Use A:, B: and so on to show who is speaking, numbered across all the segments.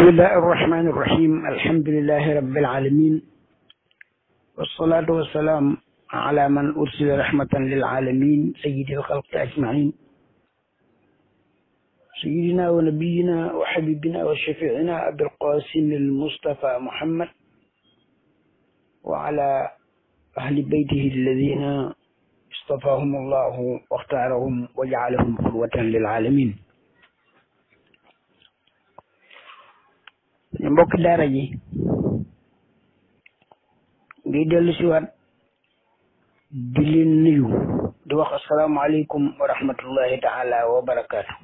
A: بسم الله الرحمن الرحيم الحمد لله رب العالمين والصلاة والسلام على من أرسل رحمة للعالمين سيد الخلق أجمعين سيدنا ونبينا وحبيبنا وشفيعنا أبي القاسم المصطفى محمد وعلى أهل بيته الذين اصطفاهم الله واختارهم وجعلهم قدوة للعالمين mbokki daara ji ngi dellu si waat di leen nuyu di wax asalaamaaleykum wa rahmatullahi taala wa barakaatu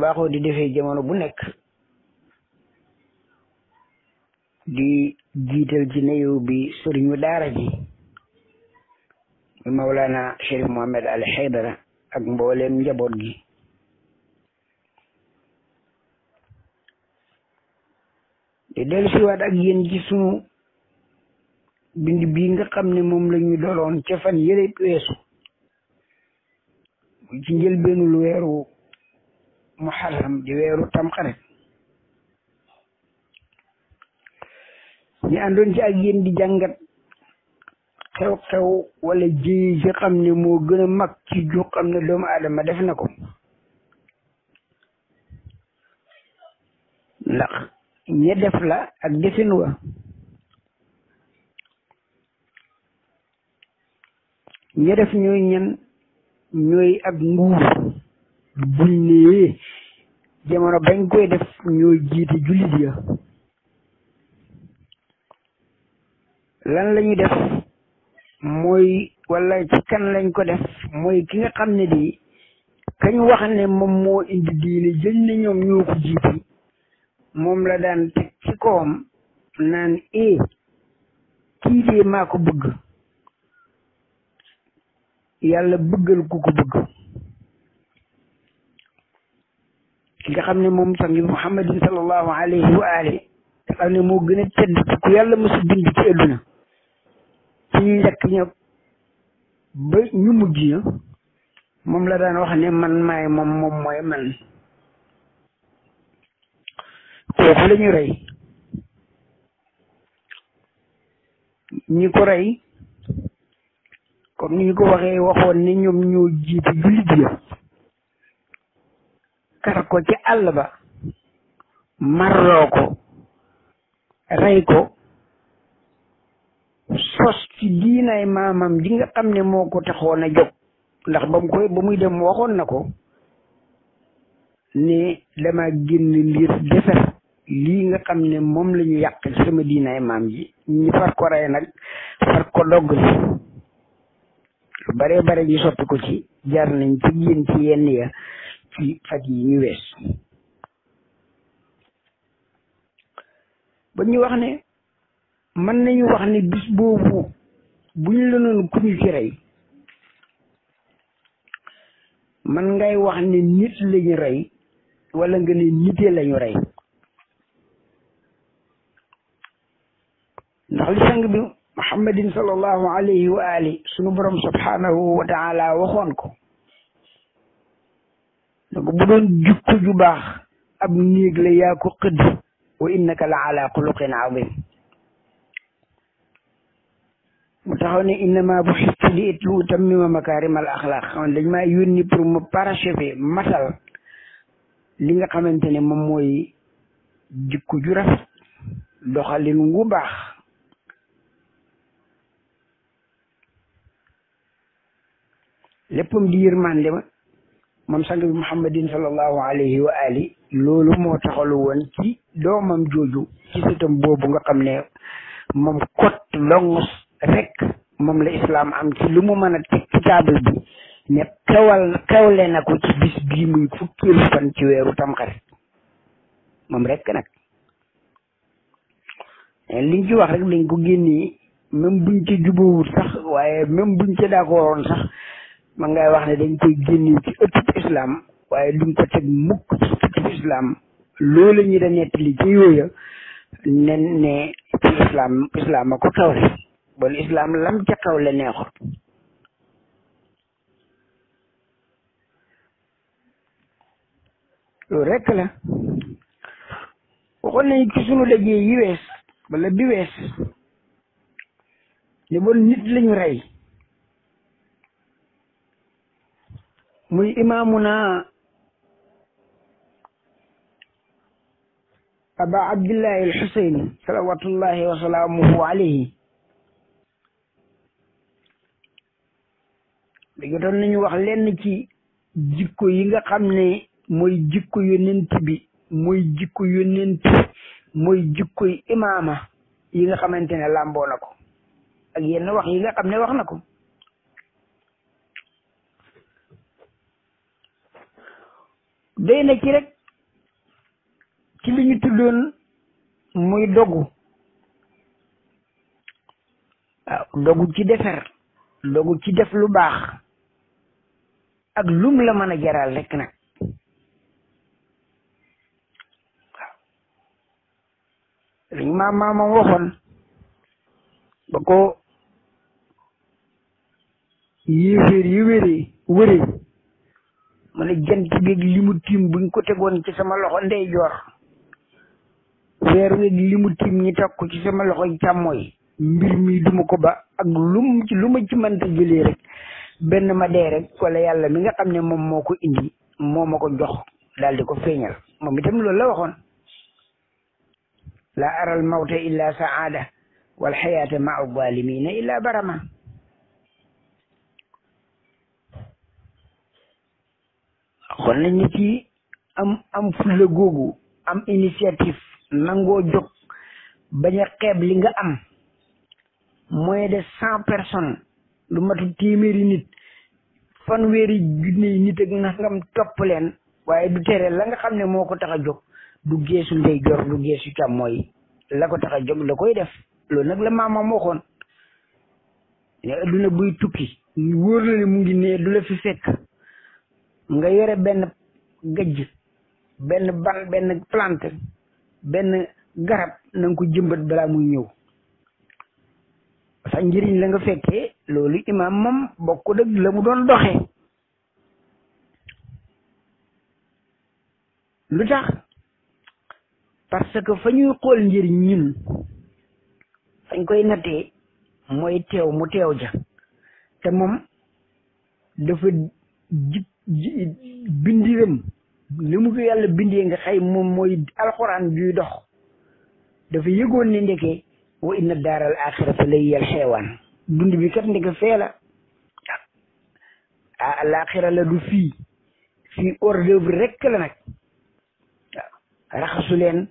A: baaxoo di defee jamono bu nekk di jiital ci nuyu bi sëriñu daara ji mi mawlaana Chérif Mohamed Al Haydara ak mbooleem njaboot gi te dellu siwaat ak ci sunu bind bii nga xam ne moom la ñu doloon ca fan yële weesu muy ci njëlbeenul weeru muharram di weeru tamxarit ñu àndoon ci ak yéen di jàngat xew-xew wala jéy ci xam ne moo gën a mag ci ju xam ne doomu aadama def na ko ndax ñe def la ak defin wa ñe def ñooy ñan ñooy ak nguur buñ nee jamono bañ koy def ñooy jiite jullit ya lan lañuy def mooy wala ci kan lañ ko def mooy ki nga xam ne di kañ wax ne moom moo indi diine jëñ ne ñoom ñoo ko jiite moom la daan teg ci kawam naan e kii dee maa ko bëgg yàlla bëggal ku ko bëgg ki nga xam ne moom sangi muhammadin sallallahu alayhi wa nga xam ne moo gën a tedd ci ku yàlla mësu bind ci adduna ci ñu njëkk ña ba ñu mujj ña moom la daan wax ne man maay moom moom mooy man kooku la ñu rey ñi ko rey comme ni ko waxee waxoon ni ñoom ñoo jiit jullit ya kar ko ci àll ba marloo ko rey ko sos ci diinaay maamam di nga xam ne moo ko taxoon a jóg ndax ba koy ba muy dem waxoon na ko ne dama génn ngir defar lii nga xam ne moom lañu ñu yàq sama diinaay maam ji ñi far ko rey nag far ko dogg li bare bare ñu soppi ko ci jar nañ ci yéen ci yenn yi ñu wees ba ñu wax ne mën nañu wax ne bis boobu bu ñu la ku ñu ci rey man ngay wax ne nit lañu rey wala nga ne nitee lañu rey ndax li sang bi muhammadin sallallahu alayhi wa ali sunu borom subhanahu wa taala waxoon ko donc bu doon jukko ju baax ab néeg la yaa ko xëdd wa innaka la ala xuluqin azim mu taxaw ne innama bu xistu li it lu utammima makaarimal axlaaq xaman dañ maa yónni pour ma parachever matal li nga xamante ne moom mooy jikko ju rafet doxalin wu baax léppam di yërmande ma moom sang bi muhammadin sallallahu alayhi wa ali loolu moo taxalu woon ci doomam jooju ci sëtam boobu nga xam ne moom kot longus rek moom la islaam am ci lu mu mën a teg ci table bi ne kawal na ko ci bis bii muy fukkeelu fan ci weeru tamxarit moom rek nag eh, liñ ci wax rek dañ ko génnee même buñ ci jubóowul sax waaye même buñ ci d'accordoon sax ma ngay wax ne dañ koy génne ci ëttub islam waaye duñ ko teg mukk ci ëttub islam loolu ñu da nettali ci yooya nen ne ci islam islam a ko xawle bon islam lam ca xawle neexut loolu rekk la waxoon nañu ci sunu dajee yi wees wala bi wees ne bon nit lañu rey muy imaamuna aba abdillahi alxusaini salawatullahi wa salaamuhu alayhi da jotoon nañu wax lenn ci jikko yi nga xam ne mooy jikko yonent bi mooy jikko yonent mooy jikko imaama yi nga xamante ne làmboo na ko ak yenn wax yi nga xam ne wax na ko day na ci rek ci li ñu tuddoon muy dogu waaw dogu ci defer dogu ci def lu baax ak lum la mën a jaral rek na waaw liñ maam maamam waxoon ba ko yéeféer yi wéree wëree mu ne jant beeg li mu tiim buñ ko tegoon ci sama loxo ndeyjoor weer weeg li mu ñi teg ko ci sama loxo càmmooy mbir mi duma ko ba ak lum ci ci mënta jëlee rek benn ma dee rek wala yàlla mi nga xam ne moom moo ko indi moo ma ko jox daal di ko feeñal moom itam loolu la waxoon la aral mawta illa saada wal xayaata maa zalimina illa barama xool nañ ni kii am am fulla googu am initiative nangoo jóg bañ a xeeb li nga am moins de cent personnes lu matu téeméeri nit fanweeri junni nit ak nangam topp leen waaye du tere la nga xam ne moo ko tax a jóg du geesu ndey jor du geesu càmmooy la ko tax a jóg la koy def loolu nag la maamam waxoon ne adduna buy tukki wóor la ne mu ngi nee du la fi nga yore benn gajj benn ban benn plante benn garab na ko jëmbat bala muy ñëw sa njëriñ la nga fekkee loolu imaam moom bokku dëgg la mu doon doxe lu tax parce que fa ñuy xool njëriñ ñun fañ koy nattee mooy teew mu teew ja te moom dafa jik bindiram li mu ko yàlla bindee nga xay moom mooy alxuraan juy dox dafa yëgoon ne ndeke wa inna daaral axirata lay yal xeewaan dund bi kat ndeke fee la ah alaaxira la du fii fii hors d'œuvre la nag waaw raxasu leen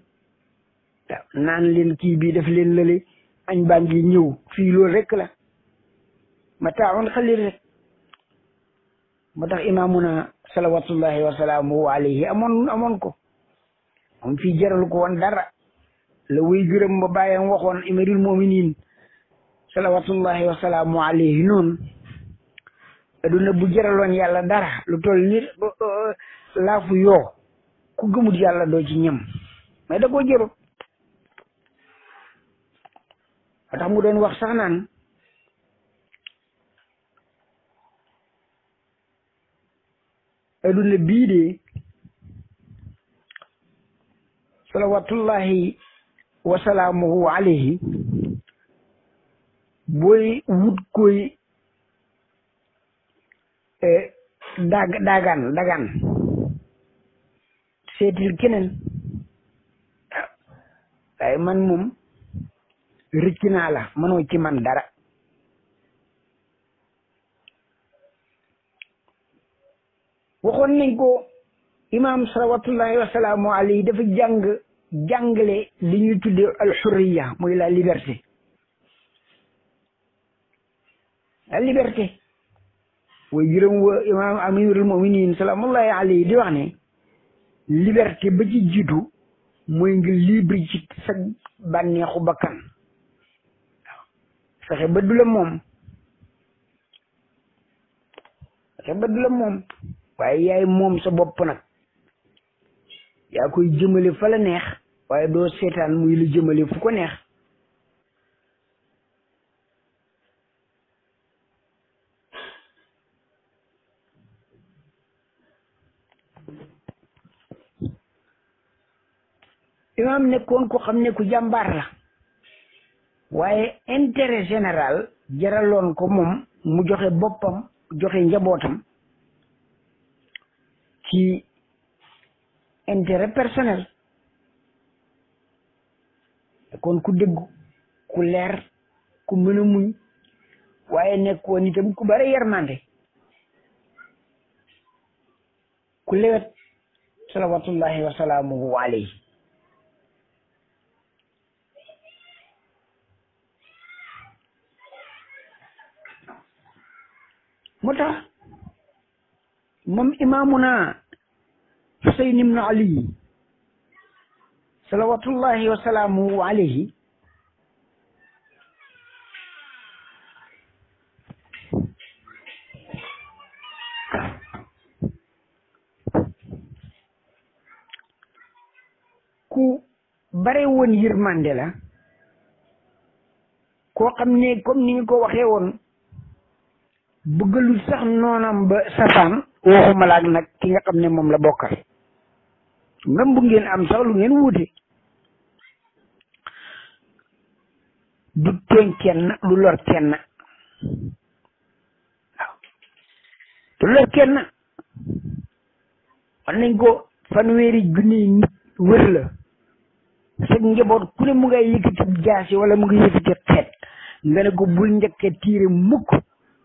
A: naan leen kii bii daf leen lële añ baa ngi ñëw fii loolu rekk la ma taawoon xalil rek moo tax imaamuna salawatullahi wa salaamuhu alayhi amoon amoon ko moom fii jaral ko woon dara la wuy gërëm ba bàyyam waxoon imirul muminin salawatullahi wa salaamuhu alayhi noonu aduna bu jaraloon yàlla dara lu toll ni laafu yoo ku gëmut yàlla doo ci ñam mais da koo jërut mu doon wax sax adduna bii de salawatullahi wasalaamuhu alayhi booy wut koy e, dag dagaan dagaan seetil keneen waaye man moom rëcc naa la mënoo ci man dara waxoon nañ imaam salawatullahi wa salaamu alayhi dafa jàng jàngale li ñuy tuddee alxurriya mooy la liberté la liberté way juróom wa imaam amirul muminin salaamullahi alayhi di wax ne ba ci jiitu mooy ngi libre ci sa bànneexu bakkan waaw ba du moom fexe ba du moom waaye yaay moom sa bopp nag yaa koy jëmale fa la neex waaye doo seetaan muy la jëmale fu ko neex imaam nekkoon ko xam ne ku jàmbaar la waaye intérêt général jaraloon ko moom mu joxe boppam joxe njabootam ci intérêt personnel kon ku dëggu ku leer ku mën muñ waaye nekk woon itam ku bare yermande ku lewet salawatullahi wa salaamuhu alayhi moo tax moom imaamuna Xuseyn ibnu Ali salawatullahi wa salaamu alayhi ku bare woon yërmande la koo xam ne comme ni ñu ko waxee woon bëggalul sax noonam ba safaan waxuma la nag ki nga xam ne moom la bokkal même bu ngeen am sax lu ngeen wuute du tooñ kenn lu lor kenn waaw lu lor kenn wan ko fanweeri junni nit wër la sa njaboot ku ne mu ngay yëkkati jaasi wala mu ngay yëkkati xeet nga ne ko bul njëkkee tiire mukk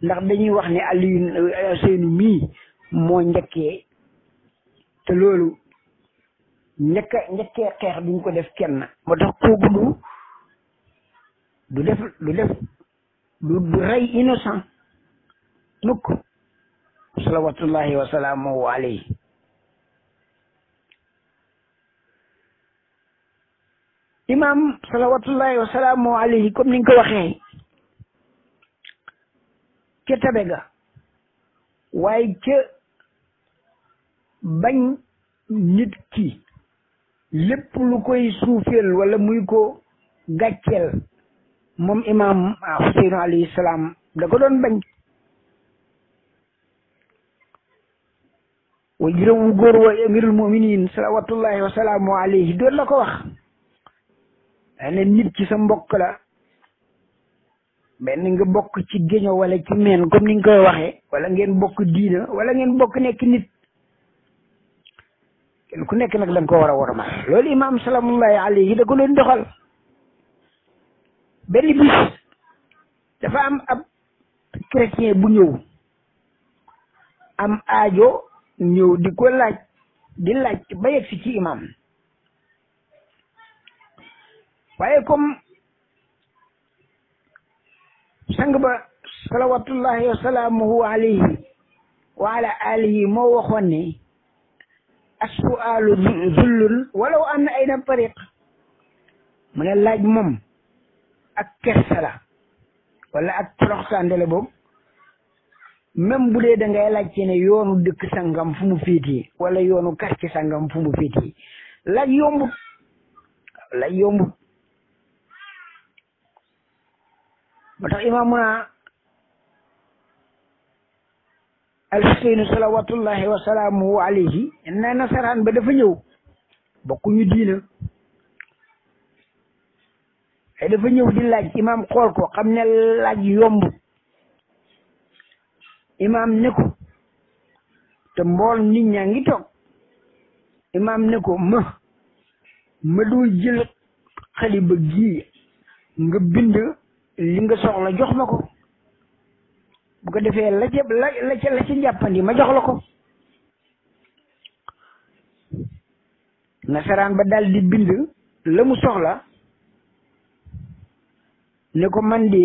A: ndax dañuy wax ne Alioune Seynou mii moo njëkkee te loolu njëkk njëkkee xeex duñ ko def kenn moo tax kooku du du def du def du du rey innocent mukk salawatullahi wa salaamuhu alayhi imam salawatullahi wa salaamuhu alayhi comme ni ko waxee ca tabe ga waaye ca bañ nit ki lépp lu koy suufeel wala muy ko gàcceel moom imaam Xuseyn alayhi salaam da doon bañ way juróom wu góor wa amirul muminin salawatullahi wa salaamu alayhi doon la ko wax ne nit ci sa mbokk la benn nga bokk ci géño wala ci meen kom ni nga koy waxee wala ngeen bokk diina wala ngeen bokk nekk nit kenn ku nekk nag ko war a war a mën loolu imaam salaamullahi alayhi da ko benn bis dafa am ab chrétien bu ñëw am aajo ñëw di ko laaj di laaj ba yegg si waaye comme sang ba salawatullahi wa salaamuhu alihi moo waxoon assuaalu zullun walaw an ayna tariq mu ne laaj mom ak kersa la wala ak toroxtaande la boobu même bu dee da ngay laaj ci ne yoonu dëkk sangam fu mu féetee wala yoonu quartier sangam fu mu féetee laaj yombut laaj yombut moo tax imaam mu alxuseynu salawatullahi wa salaamuhu alayhi na nasaraan ba dafa ñëw bokkuñu diina ay dafa ñëw di laaj imaam xool ko xam ne laaj yomb imaam ne ko te mbool nit ñaa ngi toog imaam ne ko ma ma doo jël xaliba gii bind li nga soxla jox ma ko bu ko defee la jëb la la ca la ci njàppandi ma jox la ko nasaraan ba daal di bind la mu soxla ne ko man de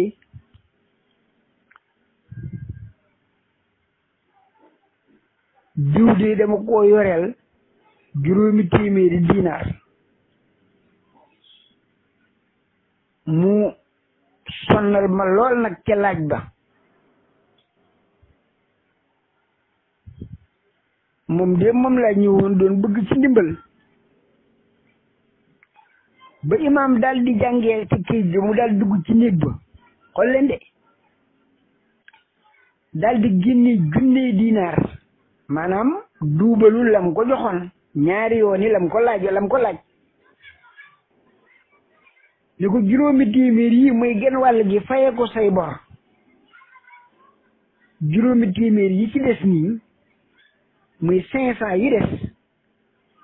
A: diw dama koo yoreel juróomi téeméeri dinaar mu sonnal ma lool nag ca laaj ba moom de moom laa ñëwoon doon bëgg ci ndimbal ba imaam daal di jàngee ci kayit bi mu daal dugg ci néeg ba xool leen di génne junney dinaar maanaam duubal lam ko joxoon ñaari yoon yi lam ko laaj lam ko laaj li ko juróomi téeméer yi mooy genn wàll gi faye ko say bor juróomi téeméer yi ci des nii muy cinq cent yi des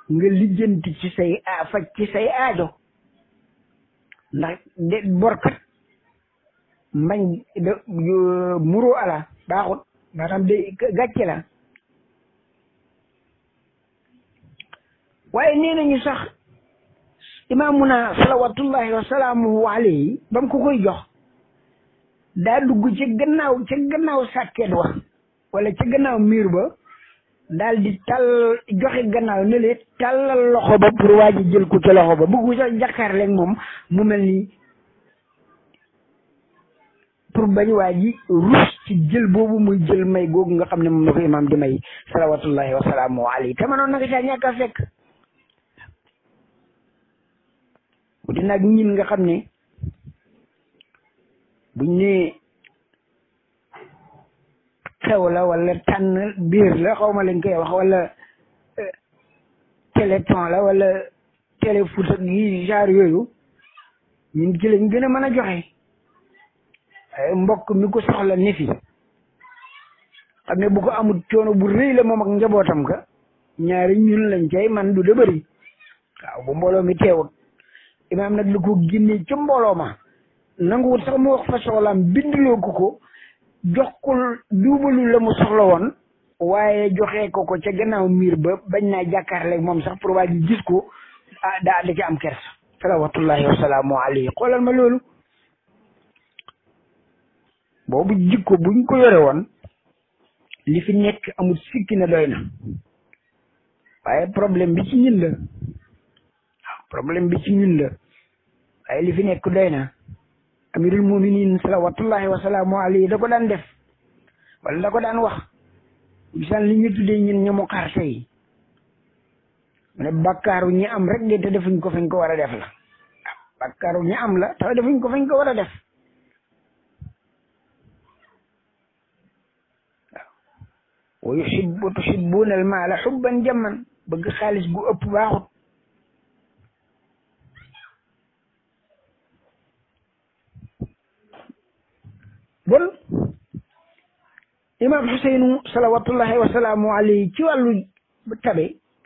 A: nga lijjanti ci say a faj ci say aajo ndax de borkat mbañ da ala baaxut maanaam de gàcce la waaye nee nañu sax imaamuna salawatullahi wa salaamuhu alayhi ba mu ko koy jox daa dugg ca gannaaw ca gannaaw sàkket wax wala ca gannaaw miir ba daal di tàll joxe gannaaw ne le tàllal loxo ba pour waa jël ko ci loxo ba bëggu sax jàkkaar leen moom mu mel nii pour bañ waa ji rus ci jël boobu muy jël may googu nga xam ne moom la ko imaam di may salawatullahi wasalaamu alayhi te manoon nanga caa ñàkk a fekk bu dinaag ñin nga xam ne buñ nee xew la wala tànn biir la xaw ma lañ koy wax wala euh, téléthon la wala téléfoot ak yi genre yooyu ñun ci lañ gën a mën a joxe mbokk mi ku soxla ni fi xam ne bu ko amul coono bu rëy la moom ak njabootam ka ñaari ñun lañ cay man du da bëri waaw bu mbooloo mi teewut imaam nag lu ko génnee ca mbooloo ma nanguwut sax mu wax fa soxlaam bindloo ko ko jox ko duubalul la mu soxla woon waaye joxe ko ko ca gannaaw miir ba bañ naa jàkkaarleeg moom sax pour waa ji gis ko ah, daa da ci am kersa salawatullahi wasalaamu alayhi xoolal ma loolu boobu jikko buñ ko yore woon li fi nekk amul sikki ne doy na waaye problème bi ci ñun la problème bi ci ñun la waaye li fi nekk doy na amirul muminin salawatullahi wasalaamu alayhi da ko daan def wala da ko daan wax gisaan li ñu tuddee ñun ñamu xarte yi ne bàkkaaru ñi am rek de te defuñ ko fañ ko war a def la bàkkaaru ñi am la te defuñ ko fañ ko war a def waaw wa yuhibbu tuhibbuuna al maala xubban jamman bëgg xaalis gu ëpp baaxut bon imaam Xuseynu salawatullahi wa salaamu ci wàllu tabe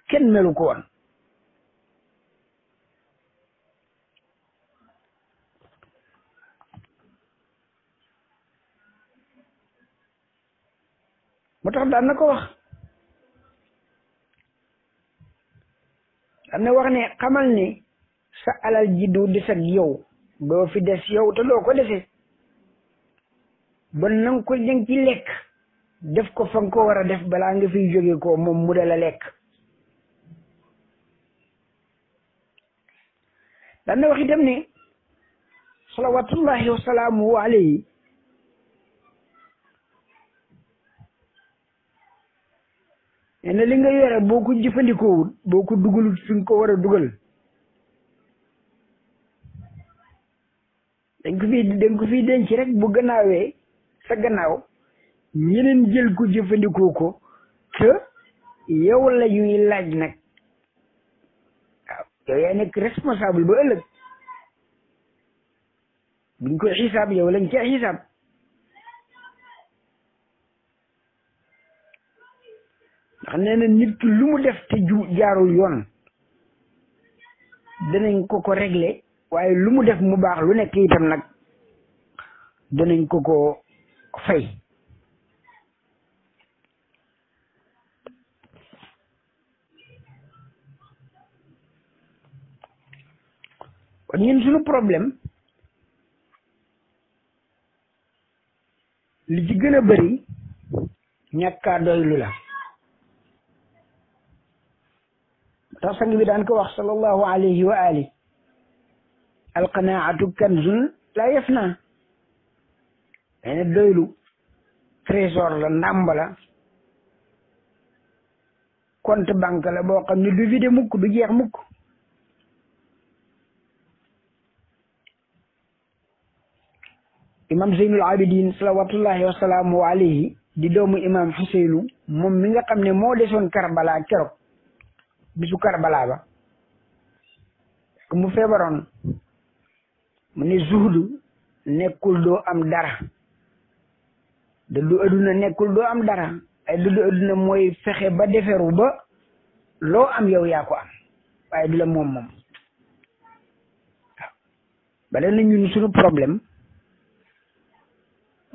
A: kenn melu ko woon moo tax daan na ko wax daan wax ne xamal ni sa alal ji du des ak yow doo fi des yow te doo ko dese ba na nga ko jëng ci lekk def ko fa nga ko war a def balaa nga fi jóge ko moom mu dala lekk daan na wax itam ne salawatullahi wasalaamuhu alayhi nee na li nga yore boo ko jëfandikoowul boo ko dugalut fi ko war a dugal dañ ko fi dañ ko fi denc rek bu gannaawee sa gannaaw ñeneen jël ko jëfandikoo ko te yow la ñuy laaj nag waaw yow yaa nekk responsable ba ëllëg buñ koy xisaab yow lañ ca xisaab ndax nee nit ki lu mu def te ju jaarul yoon danañ ko ko régler waaye lu mu def mu baax lu nekk itam nag danañ ko ko fay kon ñun suñu problème li ci gën a bëri ñàkkaa doylu la tax sang bi daan ko wax sallallahu alayhi wa ali alqanaatu kanzun la yafna mais doylu trésor la ndàmb la compte banque la boo xam ne du vide mukk du jeex mukk imam zeynul abidin salawatullahi wasalaamu alayhi di doomu imam xuseynu moom mi nga xam ne moo desoon karbala keroog bisu karbala ba mu feebaroon mu ne zuhdu nekkul doo am dara da lu adduna nekkul doo am dara ay lu adduna mooy fexe ba deferu ba loo am yow yaa ko am waaye du la moom moom waaw bale na ñun suñu problème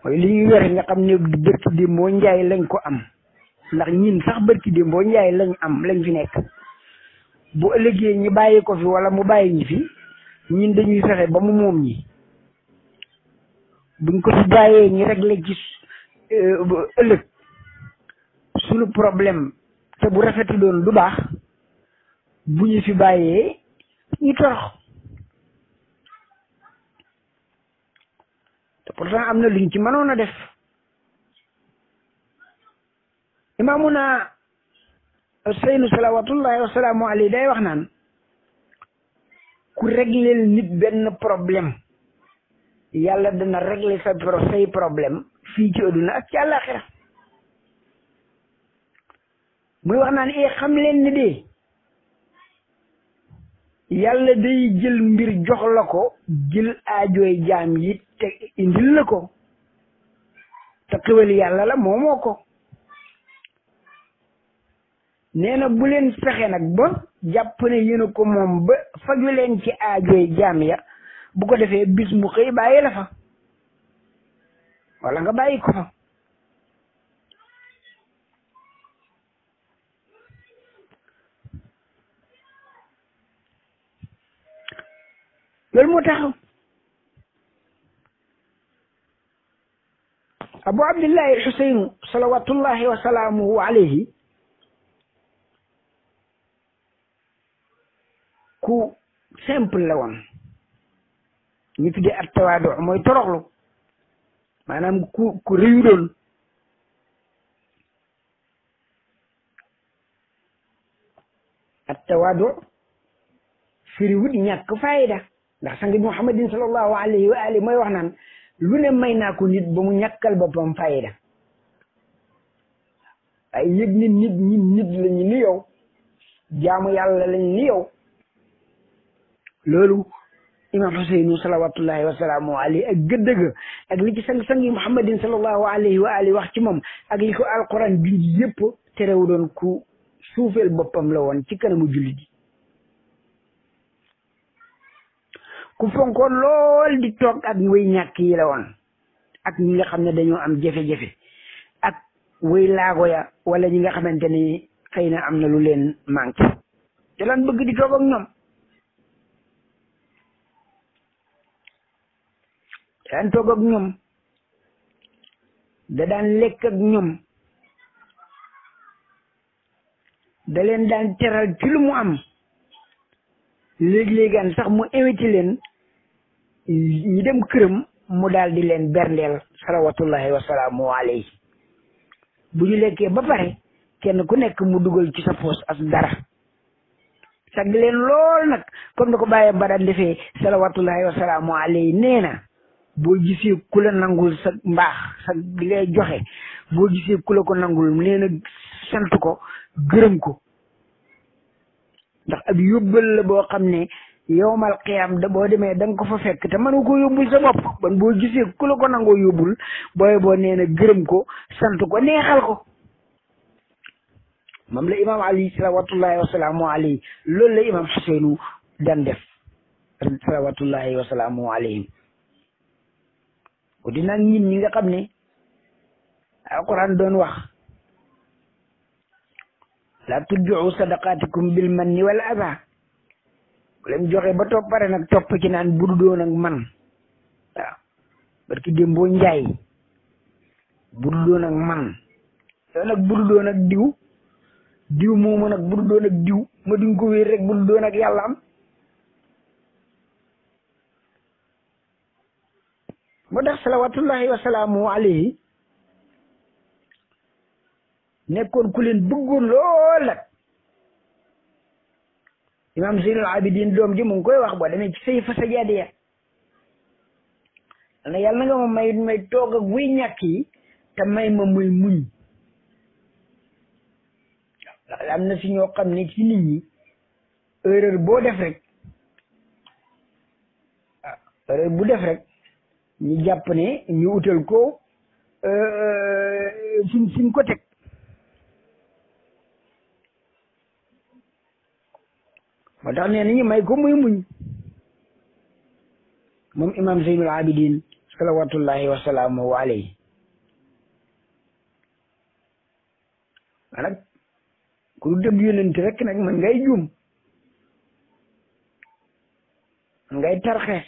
A: mooy li ñu yore nga xam ne bërki démboo njaay lañ ko am ndax ñin sax bërki démboo njaay lañ am lañ fi nekk bu ëllëgee ñi bàyyi ko fi wala mu bàyyi ñi fi ñin dañuy fexe ba mu moom ñi buñ ko fi bàyyee ñi rek gis Euh, ëllëg suñu problème te bu rafetu doon du baax bu ñu fi bàyyee ñu torox te pourtant am na liñ ci mënoon a def imaamuna seynu salawatullahi wasalaamu alayhi day wax naan ku régleel nit benn problème yàlla dana régler sa say problème fii ci àdduna ak ci àllaaxira muy wax naan ee eh, xam leen ni dee yàlla day jël mbir jox la ko jël aajooy jaam yi te indil la ko te xéwal yàlla la moomoo ko nee na bu leen fexe nag ba jàpp ne yéen ko moom ba faju leen ci aajoy jaam ya bu ko defee bis mu xëy bàyyi la fa wala nga bàyyi ko loolu moo tax abu abdillahi alxusayn salawatullahi wa salaamuhu ku simple la woon ñu tuddee at tawaadu mooy toroxlu maanaam ku ku réyu doon at tawaadu firiwut ñàkk fayda ndax sang bi muhammadin sallallahu alayhi wa lu ne may naa ko nit ba mu ñàkkal boppam fayda ay yëg nit nit nit nit lañu ni yow jaamu lañu ni loolu imam Ousseynou salawatullahi wasalaamu alayhi ak gëddëga ak li ci sang-sang yi Muhammadin sallallahu alayhi wa alihi wax ci moom ak li ko alquran junj yëpp terewu doon ku suufeel boppam la woon ci kanamu jullit yi ku fonkoon lool di toog ak way ñàkk yi la woon ak ñi nga xam ne dañoo am jafe-jafe ak way laago ya wala ñi nga xamante ni xëy na am na lu leen manqué te lan bëgg di toog ak ñoom daan toog ak ñoom da daan lekk ak ñoom da leen daan teral ci lu mu am léeg-léegaan sax mu invité leen yi dem këram mu daal di leen berndeel salawatullahi wasalaamu alayhi bu ñu lekkee ba pare kenn ku nekk mu dugal ci sa poos dara sag leen lool nag comme ni ko bàyyee ba daan defee salawatullahi wasalaamu alayhi nee boo gisee ku la nangul sa mbaax sa li joxe boo gisee ku ko nangul nee sant ko gërëm ko ndax ab yóbbal la boo xam ne yowmal qiyaam da boo demee da ko fa fekk te mën ko koo yóbbul sa bopp ban boo gisee ku ko nangoo yóbbul booy boo nee gërëm ko sant ko neexal ko moom la imaam ali salawatullahi la imaam xuseynu daan def salawatullahi wasalaamu alayhim wuti nag ñin ñi nga xam ne alquran doon wax la tuddu sadaqatikum bil manni wal adha bu leen joxe ba topp pare nag topp ci naan budu doon ak man waaw barki dém njaay budu doon ak man yow nag budu doon ak diw diw moomu nag budu doon ak diw ma duñ ko wéer rek budu doon ak yàlla am moo tax salawatullahi wasalaamu alayhi nekkoon ku leen bëggoon lool nag imam Zeynul Abidin doom ji mu koy wax boo demee ci say fa sa jaadiya na yàlla na nga may may toog ak wuy ñàkk yi te may ma muy muñ am na si ñoo xam ne ci nit ñi erreur boo def rek erreur bu def rek ñu jàpp ne ñu utal ko euh, fuñ fuñ ko teg moo tax nee nañu may ko muy muñ moom imam Zeynul Abidin salawatullahi wasalaamuhu alayhi wa nag ku dëgg yonent rek nag man ngay juum man ngay tarxe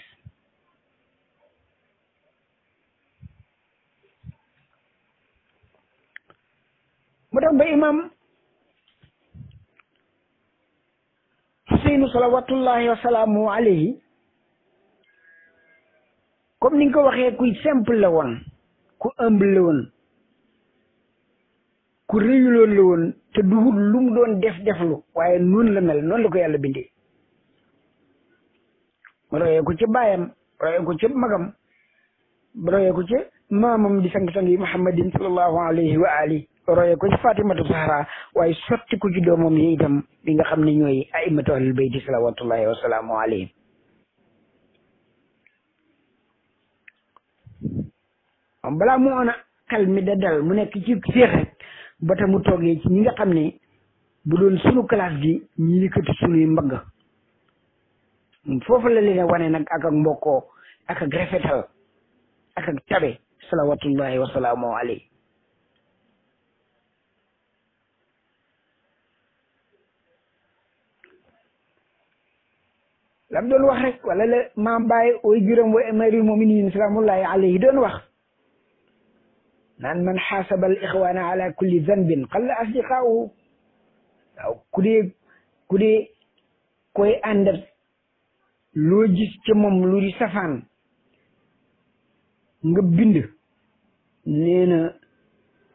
A: tax ba imam xuseynu salawatullahi alayhi comme ni nga ko waxee kuy simple la woon ku humble la woon ku réyuloon la woon te duhut lu mu doon def deflu waaye noonu la mel noonu la ko yàlla bindee royee ko ci baayam royee ko ci magam royee ko ci maamam di sang sang yi muhammadin alayhi wa roye ko ci fatimatu zahra waaye sotti ko ci doomam yi itam bi nga xam ne ñooy aimatu ahlul bayti salawatullahi wasalaamu alayhim balaa mu oon a xel mu nekk ci séex ba ta mu toogee ci ñi xam ne bu doon sunu classe gi ñu yëkkati sunuy mbagg foofu la leen wane nag ak ak mbokkoo ak ak rafetal ak ak tabe salawatullahi wasalaamu alayhi lam doon wax rek wala la maam Baye ooy juróom doon wax naan man xaasaba al ixwaana ala kulli ku dee koy àndat loo gis ca moom lu di safaan nga bind nee na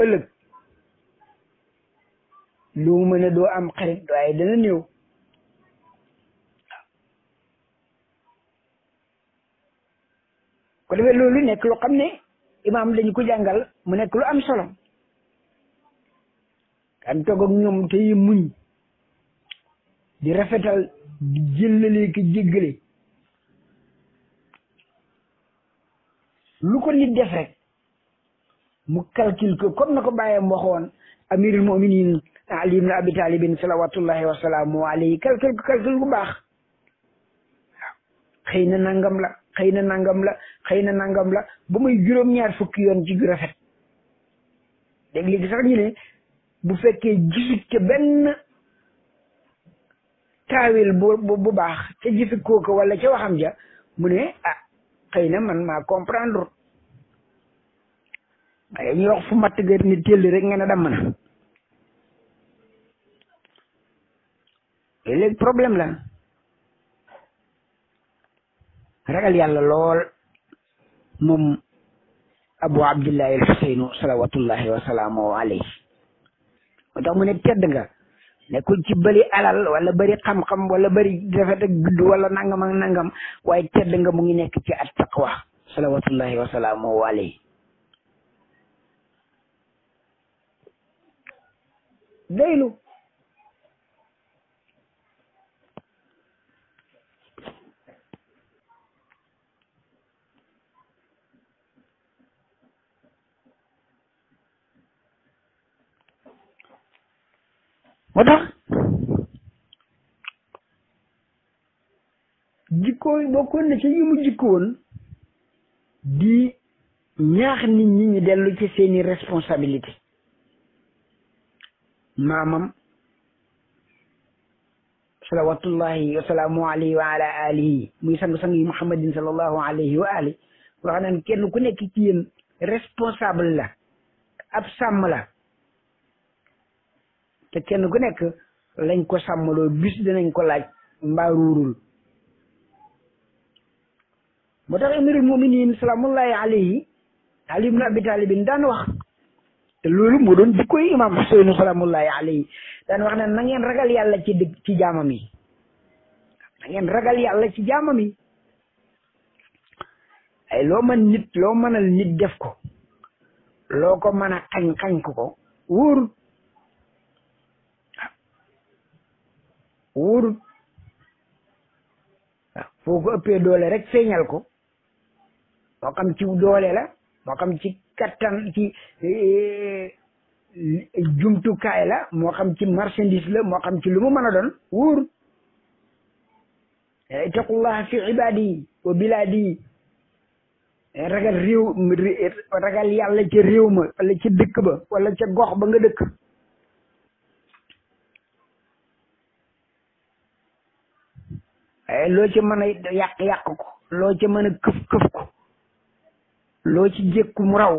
A: ëllëg lu doo am xarit waaye dana néew ko defee loolu nekk lu xam ne imaam dañu ko jàngal mu nekk lu am solo am toog ak ñoom te muñ di rafetal di jëllalee ki jéggale lu ko nit def rek mu calcule ko comme na ko bàyyam waxoon amirul muminin ali ibn abi talibin salawatullahi wasalaamu alayhi calcule ko calcule bu baax waaw na nangam la xëy na nangam la xëy na nangam la ba muy juróom-ñaar fukki yoon ci ju rafet léegi sax ñu ne bu fekkee gisut ca benn taawil bu bu baax ca jëfi kooka wala ca waxam ja mu ne ah xëy na man maa comprendre waaye ñuy wax fu matt ga ni telli rek nga ne damm na léeg problème la ragal yàlla lool moom abu abdillahi al xuseynu salawatullahi wa salaamu alayhi moo tax mu ne tedd nga nekkul ci bëri alal wala bëri xam-xam wala bëri rafet ak gudd wala nangam ak nangam waaye tedd nga mu ngi nekk ci at taqwa salawatullahi wa salaamu alayhi moo tax jikkooy bokkoon na ci yi jikkoon di ñaax nit ñi ñu dellu ci seeni responsabilité maamam salawatullahi wa salaamu alayhi wa ala muy sang-sang yi muhammadin sallallahu alayhi wa ali wax kenn ku nekk ci yéen responsable la ab sàmm la te kenn ku nekk lañ ko sàmmaloo bis dinañ ko laaj mbaa ruurul moo tax amirul muminin salaamullahi alayhi ali ibnu abi talibin daan wax te loolu moo doon jikkoy imam Huseynu salaamullahi alayhi daan wax ne na ragal yàlla ci dëgg ci jaamam yi na ragal yàlla ci jaamam yi ay loo mën nit loo mënal nit def ko loo ko mën a xañ ko ko wóorut waaw foo doole rek feeñal ko moo xam ci doole la moo xam ci kattan ci eh, jumtukaay la moo xam ci marchandise la moo xam ci lu mu mën a doon wóor eh, ittaqullaha fi ibadi wa biladi eh, ragal réew ragal yàlla ca réew ma wala ci dëkk ba wala ca gox ba nga dëkk Eh, loo ci mën a yàq yàq ko loo ci mën këf këf ko loo ci jékku mu raw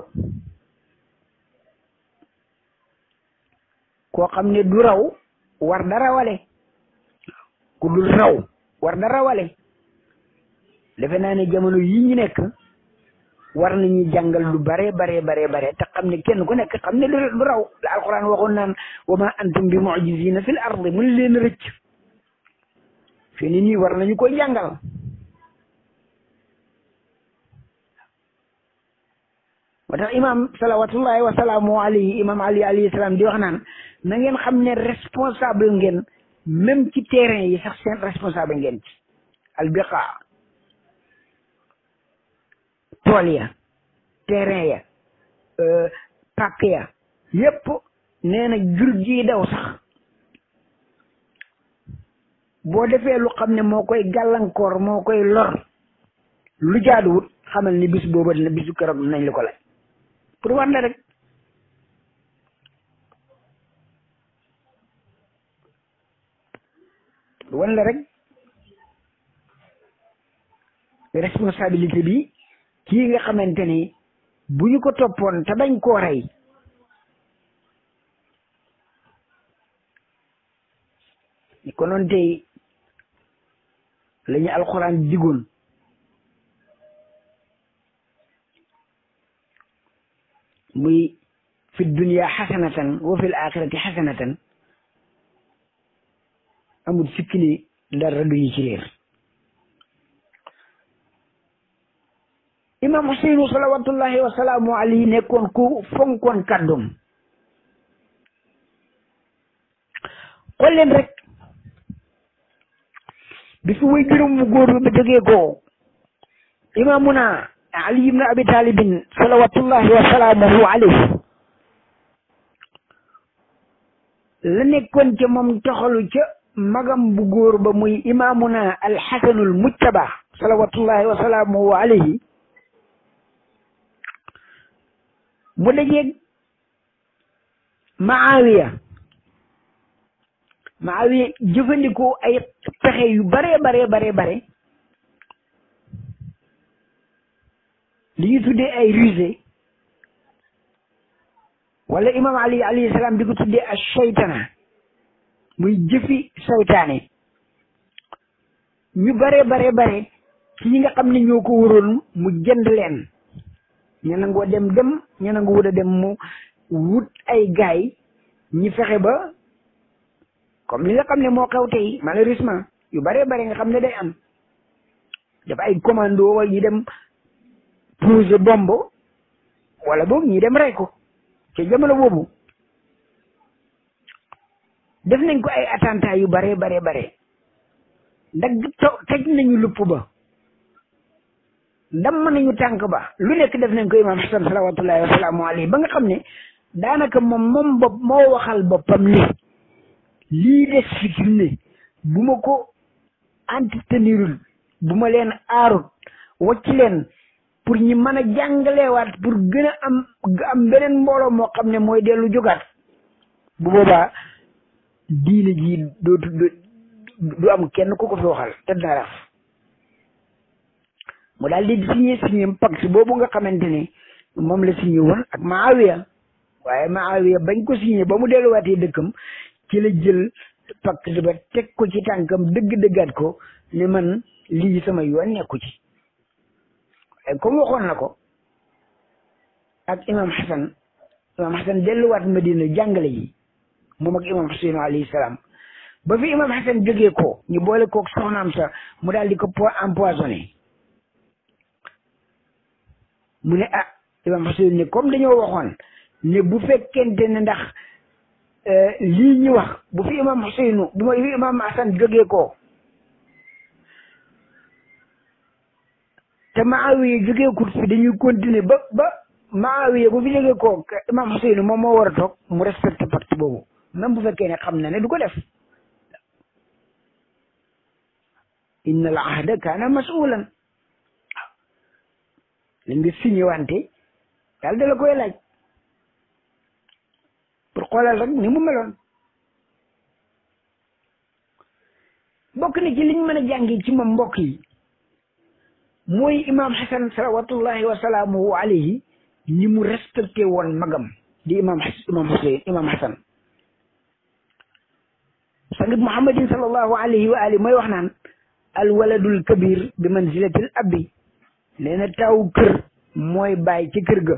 A: koo xam ne du raw war da rawale ku dul raw war da rawale defe naa ne jamono yi ñu nekk war nañu jàngal lu bare bare bare bare te xam ne kenn ku nekk xam ne du raw la alquran waxoon naan wa ma antum bi mujizina fil ardi mun leen rëcc fi ni nii war nañu koy jàngal moo tax imam salawatullahi wa salaamu alayhi imam ali alayhi salaam di wax naan na ngeen xam ne responsable ngeen même ci terrain yi sax seen responsable ngeen ci albiqa tool ya terrain ya euh, pàkk ya yépp nee jur gi daw sax boo defee lu xam ne moo koy gàllankoor moo koy lor lu jaaduwut xamal ni bis booba dina bisu keroog nañ la ko laaj pour wan la rek wan la rek responsabilité bi kii nga xamante ni bu ñu ko toppoon te bañ koo rey konoon tey la ñu alxuraan digoon muy fi dunya xasanatan wa fil axirati xasanatan amul sikki ni dara du ñu ci réer imam Huseynu salawatullahi wa salaamu alayhi nekkoon ku fonkoon kàddoom xool leen rek bi fi way juróom mu góor bi jógee ko imaamuna ali ibn abi talibin salawatullahi wa salaamuhu alayhi la nekkoon ca moom taxalu ca magam bu góor ba muy imaamuna alxasanul mujtaba salawatullahi wa salaamuhu alayhi mu dajeeg maawiya Muawiya jëfandikoo ay pexe yu bare bare bare bare li ñu tuddee ay rusée wala imam ali alayhi salaam di ko tuddee ak seytaana muy jëfi seytaane ñu bare bare bare ci ñi nga xam ne ñoo ko waroon mu jënd leen ña nangoo dem dem ña nangoo wut a dem mu wut ay gaay ñi fexe ba comme li nga xam ne moo xew tey malheureusement yu bëree bëri nga xam ne day am def ay commando wala ñi dem pose bombe wala boobu ñi dem rey ko ca boobu def nañ ko ay attentat yu bëree baree bare ndax toj nañu lupp ba damm nañu tànk ba lu nekk def nañ koy ma Hasan salawatullahi wasalaamu alayhi ba nga xam ne daanaka moom moom bopp moo waxal boppam ni lii nekk ci jinne bu ma ko entretenirul bu ma leen aarul wacc leen pour ñi mën a jàngalewaat pour gën a am am beneen mbooloo moo xam ne mooy dellu jógaat bu boobaa diine ji dootu du am kenn ku ko fi waxal te dara mu daal di signé signé pacte boobu nga xamante moom la signé woon ak Maawiya waaye Maawiya bañ ko signé ba mu delluwaatee dëkkam ci la jël pakk ba teg ko ci tànkam dëgg-dëggaat ko ne man lii sama yoon nekku ci waaye comme waxoon na ko ak imam xasan imam xasan delluwaat madina jàngale yi moom ak imam xuseyn alayhi salaam ba fi imam xasan jógee ko ñu boole ko soxnaam sa mu daal di ko empoisonné mu ne ah imam xuseyn ne comme dañoo waxoon ne bu fekkente ne ndax Eh, lii ñi wax bu fi imam Ousseynou bu ma fi imam Hassan jógee ko te Maawiya jógee ko fi dañuy continuer ba ba Maawiya bu fi jógee ko imam Ousseynou moom moo war a toog mu respecté boobu même bu fekkee ne xam na ne du ko def inna al ahda kaana masulan li nga signé wante daal da la koy laaj xoolal rek ni mu meloon bokk na ci liñ mën ci moom mbokk yi mooy imaam xasan salawatullahi wa salaamuhu alayhi ni mu respecté woon magam di imaam imaam Huseyn imaam xasan sangib wa ali mooy wax naan al waladul kabir bi manzilatil abbi nee na taaw kër mooy bàyyi ci kër ga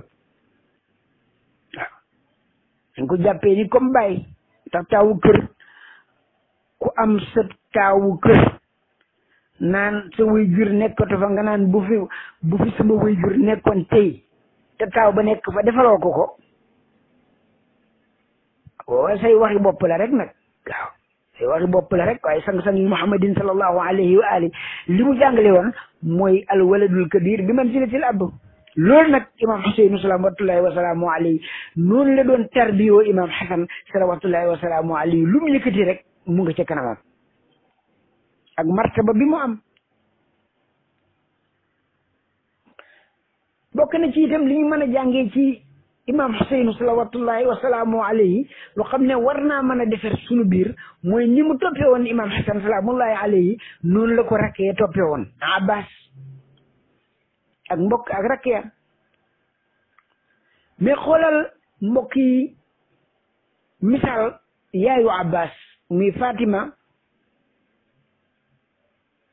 A: dañ ko jàppee ni comme baay tax taawu kër ku am sa taawu kër naan sa way jur nekkatu fa nga naan bu fi sama way jur nekkoon tey te taaw ba nekk fa defaloo ko ko waaw say waxi bopp la rek nag waaw say waxi bopp la rek waaye sang-sang yi muhammadin sallallahu alayhi wa ali li mu jàngale woon mooy alwaladul kabir bi man silatil abdu loolu nag imaam Xuseynu salawatullahi wasalaamu alayhi noonu la doon tarbiyoo imaam Xasan salawatullahi wasalaamu alayhi lu mu yëkkati rek mu nga ca kanamam ak martaba bi mu am bokk na ci itam li ñu mën a jàngee ci imaam Xuseynu salawatullahi wasalaamu alayhi lu xam ne war naa mën a defar sunu biir mooy ni mu toppe woon imaam Xasan salaamullahi alayhi noonu la ko rakkee toppe woon Abbas ak mbokk ak rakk ya mais xoolal mbokk yi misaal yaayu abbas muy fatima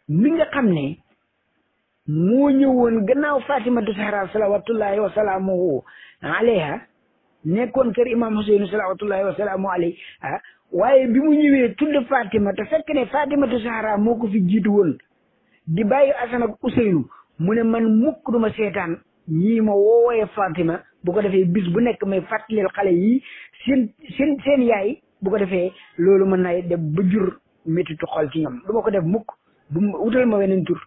A: mi nga xam ne moo ñëwoon gannaaw fatimatu zahra salawatullahi wa salaamuhu alayha nekkoon kër imam huseynu salawatullahi wa salaamu alayhi ah waaye bi mu ñëwee tudd fatima te fekk ne fatimatu zahra moo ko fi jiitu woon di bàyyi asan ak useynu mu ne man mukk duma seetaan ñii ma woowee Fatima bu ko defee bis bu nekk may fàttalil xale yi seen seen yaay bu ko defee loolu mën naa dem ba jur métitu xol ci ñoom duma ko def mukk bu wutal ma weneen tur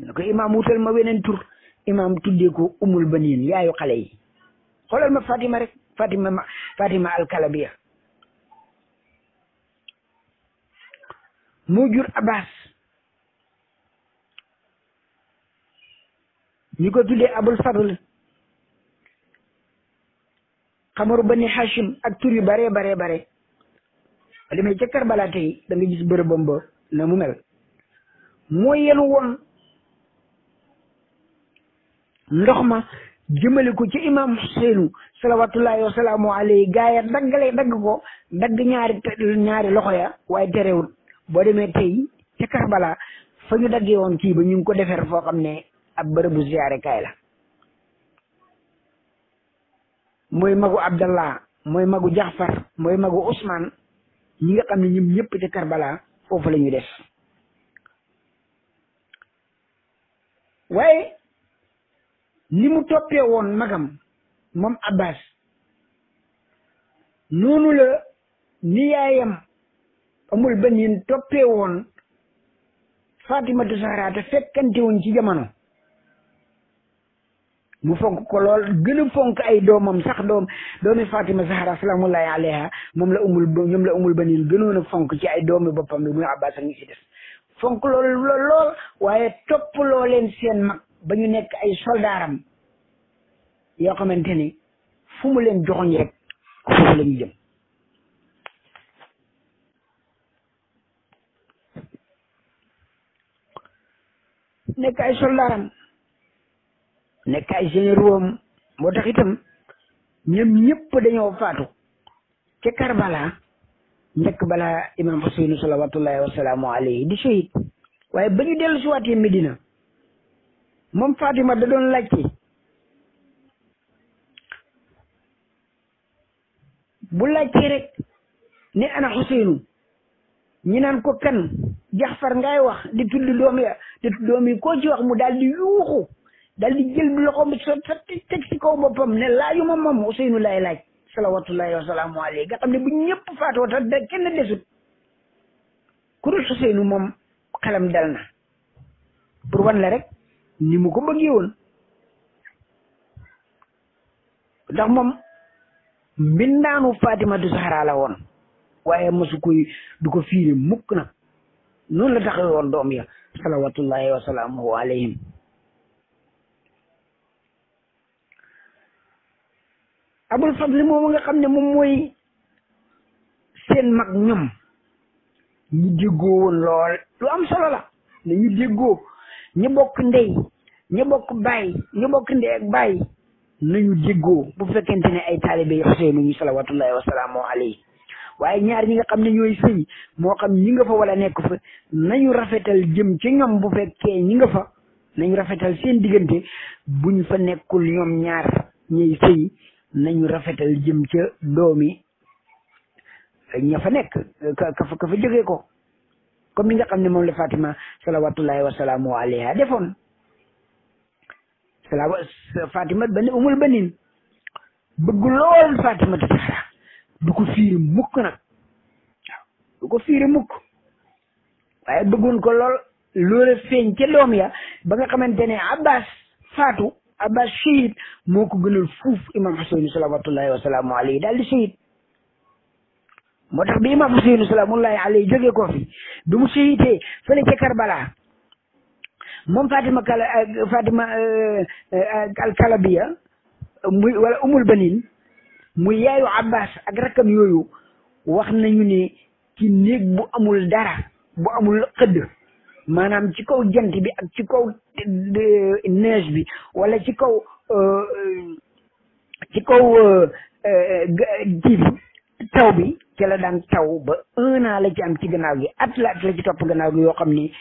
A: ne ko imaam ma weneen tur imaam tuddee ko umul baniin yaayu xale yi xoolal ma Fatima rek Fatima ma Fatima alkalabiya mu jur abbas ñu ko tuddee abul fadl xamaru bani hashim ak tur yu bare bare bare li may ca Karbala tey da nga gis ba na mu mel moo yenu woon ndox ma jëmale ko ci imam Huseynu salawatullahi wasalaamu alayhi gaa ya daggale dagg ko dagg ñaari ñaari loxo ya waaye terewul boo demee tey ca Karbala fa ñu daggee woon kii ba ñu ngi ko defar foo xam ne ab bërëbu ziyaare kaay la mooy magu Abdallah mooy magu Jaxfar mooy magu Ousmane ñi nga xam ne ñoom ñëpp ca Karbala foofu la def waaye ni mu toppee woon magam moom Abbas noonu la ni yaayam amul ban yin toppee woon Fatimatu Zahra te fekkante wuñ ci jamono mu fonk ko lool gën fonk ay doomam sax doom doomi Fatima Zahra salaamullahi alayha moom la umul ñoom la umul banil gënoon a fonk ci ay doomi boppam bi muy Abbas ak ñi def fonk lool lool waaye topp loo leen seen mag ba ñu nekk ay soldaaram yoo xamante ni fu mu leen joxoñ rek foofu ñu jëm nekk ay soldaaram nekk ay généraux am moo tax itam ñoom ñëpp dañoo faatu ca bala njëkk balaa imam Huseynu salawatullahi wasalaamu alayhi di shahid waaye ba ñu dellu si waatee Medina moom Fatima da doon laajte bu laajtee rek ne ana Huseynu ñi naan ko kan jaxfar ngay wax di tudd doom ya di tudd doom yi koo ci wax mu daal di yuuxu daal di jël bi loxoom so teg ci kaw boppam ne laaju ma moom Ousseynou laay laaj salawatullahi wasalaamu alayhi nga xam ne bu ñëpp faatoo ta da kenn desut ku dul Ousseynou moom xelam dal na pour wan la rek ni mu ko bëggee woon ndax moom mbindaanu Fatimatu Zahra la woon waaye mosu koy du ko fiiri mukk nag noonu la taxawe woon doom ya salawatullahi wa salaamuhu alayhim abul fadli moom nga xam ne moom mooy seen mag ñoom ñu déggoo woon lool lu am solo la ne ñu déggoo ñu bokk ndey ñu bokk baay ñu bokk ndey ak baay nañu déggoo bu fekkente ne ay taalibe yi Xuseynu ñu salawatullahi wa salaamuhu waaye ñaar ñi nga xam ne ñooy sëy moo xam ñi nga fa wala nekk fa nañu rafetal jëm ci ñoom bu fekkee ñi nga fa nañu rafetal seen diggante ñu fa nekkul ñoom ñaar ñooy sëy nañu rafetal jëm ca doomi ña fa nekk ka ka fa jógee ko comme ni nga xam ne moom la Fatima salawatullahi wasalaamu alayha defoon salaa Fatima bani umul banin bëgg lool Fatima ta Zahra du ko fiiri mukk nag waaw du ko fiiri mukk waaye bëggoon ko lool loola feeñ ca doom ya ba nga xamante ne abbas faatu abbas shahid moo ko gënal fuuf imam Huseyn salawatullahi wasalaamu alayhi di shahid moo tax bi imam Huseyn salaamullahi alayhi jógee ko fi bi mu shahidee fële ca Karbala moom Fatima kala eh, Fatima eh, eh, al Kalabiya wala umul banin mu yaayu abbas ak rakkam yooyu wax nañu ne ci néeg bu amul dara bu amul xëdd maanaam ci kaw jant bi ak ci kaw neige bi wala ci kaw euh, ci kaw euh, euh, ji bi taw bi ci la daan taw ba un an la ci am ci gannaaw gi at la at la ci topp gannaaw gi yoo xam ni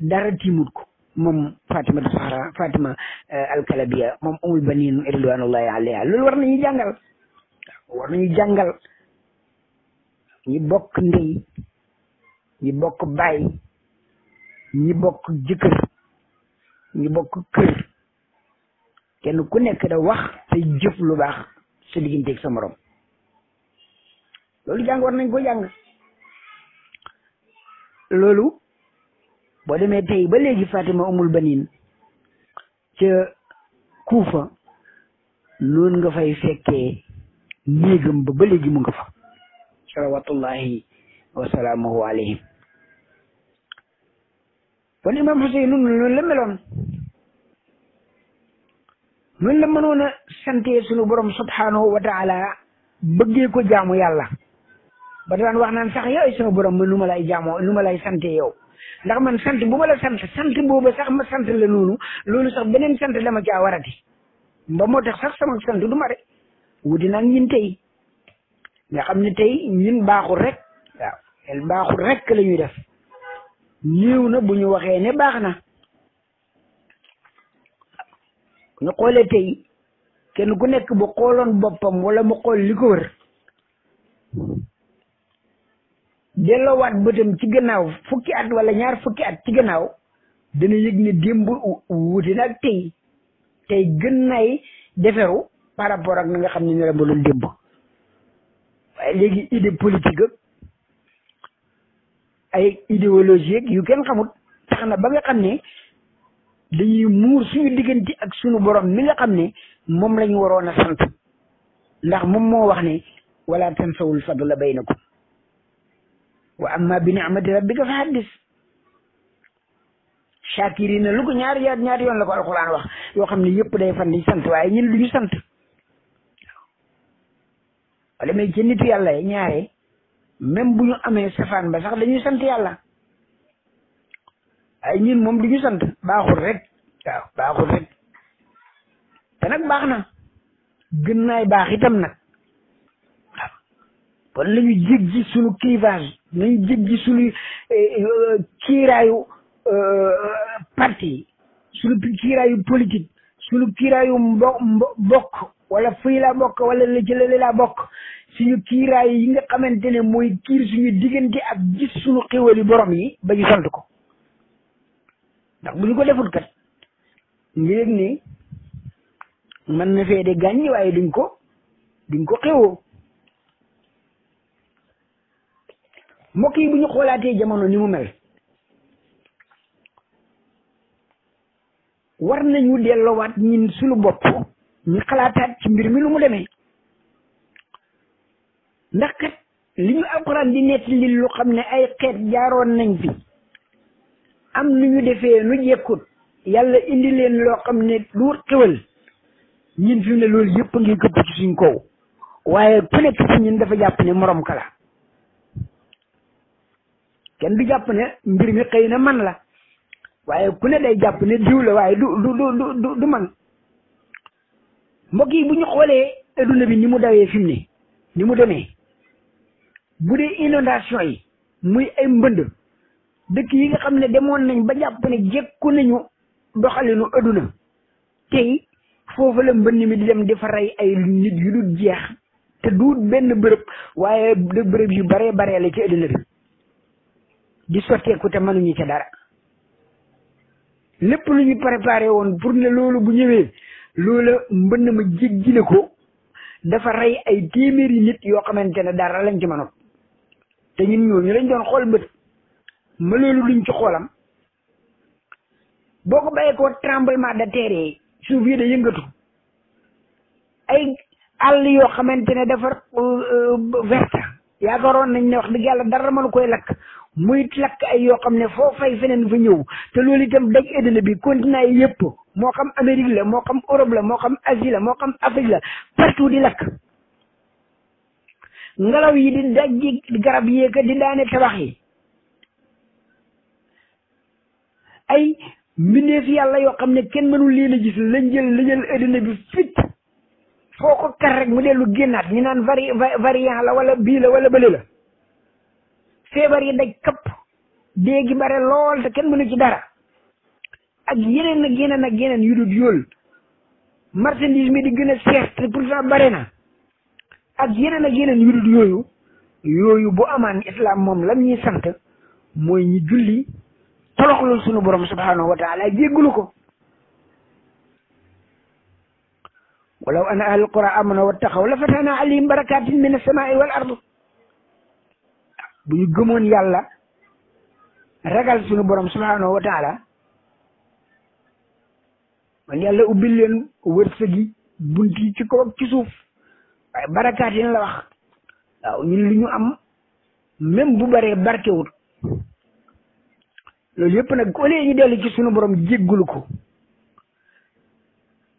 A: dara tiimut ko moom Fatima Zahra Fatima Alkalabiya moom umul baniin ridwanullahi alayha loolu war nañu jàngal war nañu jàngal ñi bokk ndey ñi bokk baay ñi bokk jëkkër ñi bokk kër kenn ku nekk da wax te jëf lu baax sa digganteeg sa morom loolu jàng war nañ ko jàng loolu boo demee tey ba léegi Fatima umul banin ca Kuufa noonu nga fay fekkee néegam ba ba léegi mu nga fa salawatullahi wasalaamuhu alayhim kon imam Xuseyn nun noonu la meloon noonu la mënoon a sante sunu borom subhanahu wa taala bëggee ko jaamu yàlla ba daan wax naan sax yooyu sama borom man nu ma lay jaamoo nu ma lay sante yow ndax man sant bu ma la sant sant booba sax ma sant la noonu loolu sax beneen sant dama caa warati ba moo tax sax sama sant du ma rek wuti nag tey nga xam ni tey ñun baaxul rek waaw el baaxul rek la ñuy def néew na bu ñu waxee ne baax na ñu xoolee tey kenn ku nekk bu xooloon boppam wala mu xool li ko wër delloowaat bëtam ci gannaaw fukki at wala ñaar fukki at ci gannaaw dana yëg ne démb wuti nag tey tey gën nay deferu par rapport ak ni nga xam ne ñu rembalul démb waaye léegi idée politique ak ay idéologie yu kenn xamut tax na ba nga xam ne dañuy muur suñu diggante ak suñu borom mi nga xam ne moom la ñu waroon a sant ndax moom moo wax ne wala tansawul fadla baynakum wa amma bi ni'mati rabbika fa haddis shakirina lu ko ñaari yaat ñaari yoon la ko alquran wax yoo xam ne yëpp day fan di sant waaye ñun du ñu sant la demee ci nitu yàlla yi ñaare même bu ñu amee safaan ba sax dañuy sant yàlla ay ñun moom du ñu sant baaxul rek waaw baaxul rek te nag na gën nay baax itam nag waaw kon nañu jéggi sunu clivage nañu jéggi sunu eh, eh, kiiraayu eh, parti sunu kiiraayu politique sunu kiiraayu mbo wala fii laa bokk wala la jëlale laa bokk suñu kiiraay yi nga xamante ne mooy kiir suñu diggante ak gis suñu xéwali borom yi ba ñu sant ko ndax bu ñu ko deful nga yëg ni mën na fee de gàññ waaye duñ ko duñ ko xewoo mbokk yi bu ñu xoolaatee jamono ni mu mel war nañu delloowaat ñin suñu bopp ñu xalaataat ci mbir mi lu mu demee ndax kat li ñu alxuraan di nettali lu xam ne ay xeet jaaroon nañ fi am nu ñu defee nu jekkut yàlla indi leen loo xam ne lu xewal ñun fi mu ne loolu yëpp ngi këpp ci suñ kaw waaye ku nekk ci ñun dafa jàpp ne morom kala kenn du jàpp ne mbir mi xëy na man la waaye ku ne day jàpp ne diw la waaye du du du du du man mbokk yi bu ñu xoolee adduna bi ni mu dawee fi mu ne ni mu demee bu dee inondation yi muy ay mbënd dëkk yi nga xam ne demoon nañ ba jàpp ne jekku nañu doxalinu adduna tey foofu la mbënd mi di dem di fa rey ay nit yu dul jeex te duut benn bërëb waaye bërëb yu baree baree la ci adduna bi di sotteeku te mënuñu ci dara lépp lu ñu préparé woon pour ne loolu bu ñëwee loola mbënn ma jéggi na ko dafa rey ay téeméeri nit yoo xamante ne dara lañ ci mënut te ñun ñooñu lañ doon xool mbët ma loolu luñ ci xoolam boo ko bàyyee ko tremblement de terre yi suuf yi da yëngatu ay àll yoo xamante ne dafa euh, euh, verte yaakaaroon nañ ne wax dëgg yàlla dara mënu koy lakk muy lakk ay yoo xam ne foo fay feneen fa ñëw te loolu itam daj adduna bi continent yi yëpp moo xam Amérique la moo xam Europe la moo xam Asie la moo xam Afrique la partout di lakk ngelaw yi di dajji garab yéeka di daane tabax yi ay mbindeef yàlla yoo xam ne kenn mënul leen a gis lañ la jël adduna bi fit foo ko kar rek mu dellu génnaat ñu naan vari la wala bii la wala bële la feebar yi daj këpp dee gi bare lool te kenn mënu ci dara ak yeneen ak yeneen ak yeneen yu dul yool marchandise mi di gën a sees te pourtant bare na ak yeneen ak yeneen yu dul yooyu yooyu bu amaan islam moom lam ñuy sant mooy ñi julli toroxlul sunu borom subhanahu wa taala jéggulu ko walaw anna ahlal qura amanu wattaqaw la fatahna alayhim barakatin min alsamai wal ard bu ñu gëmoon yàlla ragal sunu borom subhaanahu wa taala man yàlla ubbi leen wërsëg bunt yi ci kaw ci suuf waaye barakaat yi la wax waaw ñun li ñu am même bu baree barkewut loolu yëpp nag au lieu ñu dellu ci suñu borom jéggul ko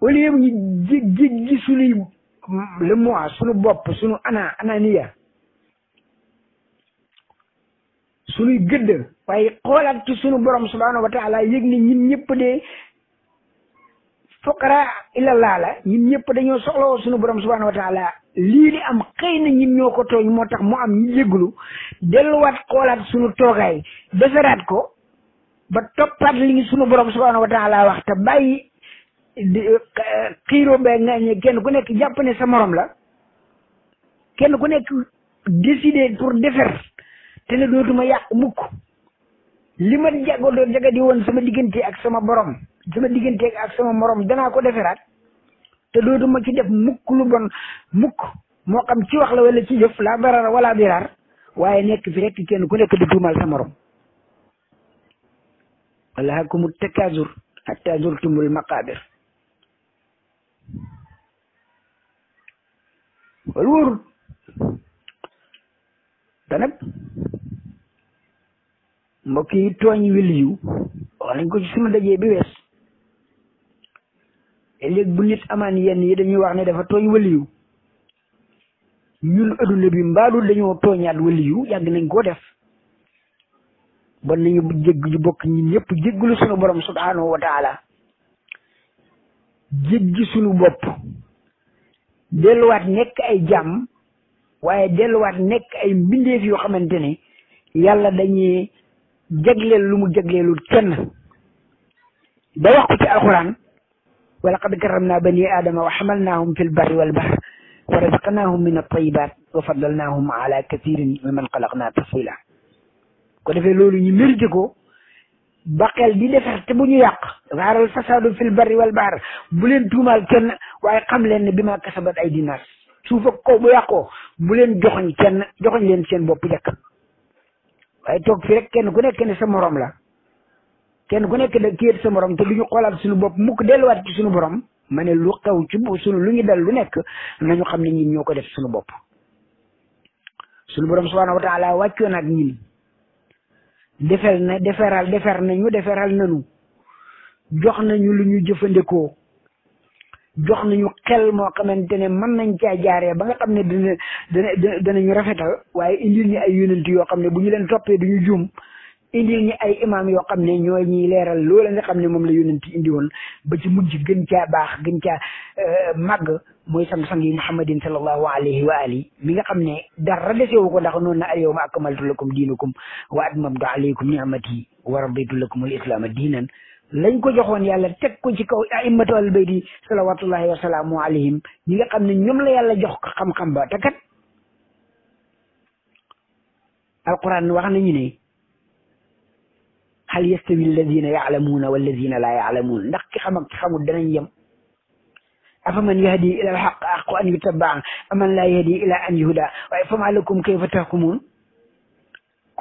A: au lieu ñu jég jég gi suñuy le bopp suñu ana ananiya suñuy gëdd waaye xoolaat ci sunu borom subhanahu wa taala yëg ni ñun ñëpp de fuqara ilallah la ñun ñëpp dañoo soxlawoo sunu borom subhanahu wa lii di am xëy na ñun ñoo ko tooñ moo tax mu am ñu yëglu delluwaat xoolaat sunu toogaay defaraat ko ba toppaat li ngi sunu borom subhanahu wa taala wax te bàyyi xiiroo ba nga kenn ku nekk jàpp ne sa morom la kenn ku nekk décider pour defer te ne dootuma yàq mukk li ma jago woon sama diggante ak sama borom sama diggante ak sama morom danaa ko deferaat te dootuma ci def mukk lu bon mukk moo xam ci wax la wala ci jëf laa barara wala biraar waaye nekk fi rek kenn ku nekk di tuumal sa morom alhaakumu takaasur hatta zurtumul maqaabir wóorul te nag mbokk yi tooñ wëliyu wax nañ ko ci sunu dajee bi wees léegi bu nit amaan yenn yi dañuy wax ne dafa tooñ wëliyu ñun adduna bi mbaalul dañoo tooñaat wëliyu yàgg nañ koo def bon nañu jégg ñu mbokk ñun ñëpp jégglu sunu borom subhanahu wa taala jéggi sunu bopp delluwaat nekk ay jàmm waaye delluwaat nekk ay mbindeef yoo xamante ne yàlla dañuy jagleel lu mu jagleelul kenn da wax ko ci alquran wa laqad karamna bani aadama wa xamalnaahum fi lbarri walbahr wa razaqnaahum min altayibat wa faddalnaahum ala kathirin mimman xalaqna tafdila ko defee loolu ñu mérité ko baqel di defar te bu ñu yàq zaaral fasaadu fi lbarri walbahr bu leen tuumaal kenn waaye xam leen ne bi ma kasabat ay dinaas suuf ak bu yàqoo bu leen joxoñ kenn joxoñ leen seen bopp jëkk waaye toog fi rek kenn ku nekk ne sa moroom la kenn ku nekk da kiyét sa moroom te du ñu xoolaat suñu bopp mukk delluwaat ci suñu boroom ma ne lu xew ci suñu lu ñu dal lu nekk nañu xam ne ñun ñoo ko def suñu bopp suñu borom subhanahu wa taala wàccoon ak ñin defel na deferal defer nañu deferal nañu jox nañu lu ñu jëfandikoo jox ñu xel moo xamante ne mën nañ caa jaaree ba nga xam ne dina dana ñu rafetal waaye indil ñu ay yonent yoo xam ne bu ñu leen toppee du ñu juum indil ñu ay imaam yoo xam ne ñoo ñuy leeral loola nga xam ne moom la yonent indi woon ba ci mujj gën caa baax gën caa euh, màgg mooy sang-sang yi muhammadin sallallahu alayhi wa ali mi nga xam ne dara desewu ko ndax noonu na a yawma akmaltu lakum diinakum wa atmamtu alaykum ni'mati wa raditu lakum al islaama diinan lañ ko joxoon yàlla teg ko ci kaw a'immatu al bayti salawatullahi wa salaamu alayhim ñi nga ne ñoom la yàlla jox xam-xam ba te kat wax nañu ne hal yastawi alladina yaalamuuna walladina laa yaalamuun ndax ki xam ak ki xamul danañ yem afa man yahdi ila alxaq aqu an aman laa yahdi ila an yuhuda waaye fama lakum kayfa tahkumuun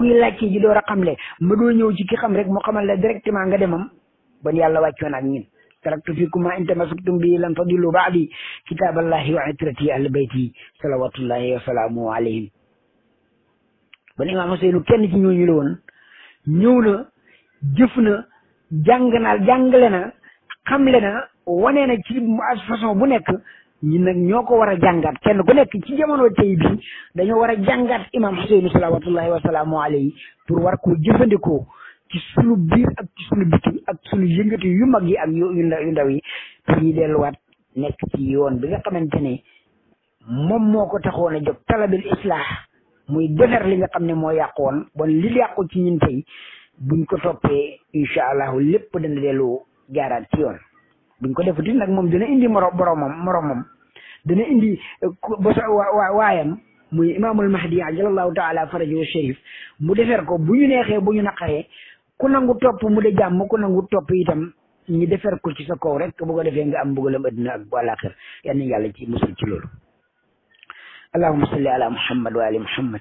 A: la laajte ji door a xamle ma doo ñëw ci ki xam rek mu xamal la directement nga demam ban yàlla wàccoon ak ñin taraktu fikum ma in tamassaktum bihi lan fadilu ba'di kitaballahi wa itrati ahli bayti salawatullahi wa salaamu alayhim ban imaam Ousseynou kenn ci ñooñu la woon ñëw na jëf na jàng naa jàngale na xamle na wane na ci façon bu nekk ñi nag ñoo ko war a jàngaat kenn ku nekk ci jamono tey bi dañoo war a jàngaat imaam Ousseynou salawatullahi wa salaamu alayhi pour war koo ci sunu biir ak ci sunu bitim ak sunu yëngati yu mag yi ak yu yu ndaw yi pour ñu delluwaat nekk ci yoon bi nga xamante ne moom moo ko taxoon a jóg talabil islah muy defar li nga xam ne moo yàqu woon bon li yàqu ci ñun tey buñ ko toppee incha allahu lépp dana dellu jaaraat ci yoon buñ ko defuti nag moom dana indi moro boromam moromam dana indi eh, bosa waayam muy imaamul mahdi ajalallahu taala farajahu sharif mu defar ko bu ñu neexee bu ñu naqaree ku nangu topp mu de jàmm ku nangu topp itam ñi defar ko ci sa kaw rek bu ko defee nga am mbugalam addina ak àllaaxir yal nañu yàlla ci musul ci loolu allahumma salli ala muhammad wa ali muhammad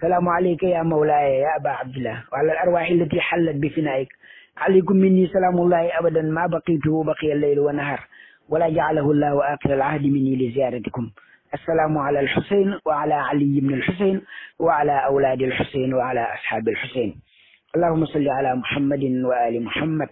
A: salaamu alayka ya mawlaaya ya aba abdillah wa ala al arwaahi allati xallat bi finaayik alaykum minni salaamullahi abadan ma baqituhu baqiya leylu wa nahar wala jaalahu llahu aaxira al ahdi minni li ziyaratikum assalaamu ala al xusayn wa ala ali ibn al xusayn wa ala awlaadi al xusayn wa ala ashaabi al xusayn اللهم صل على محمد وآل محمد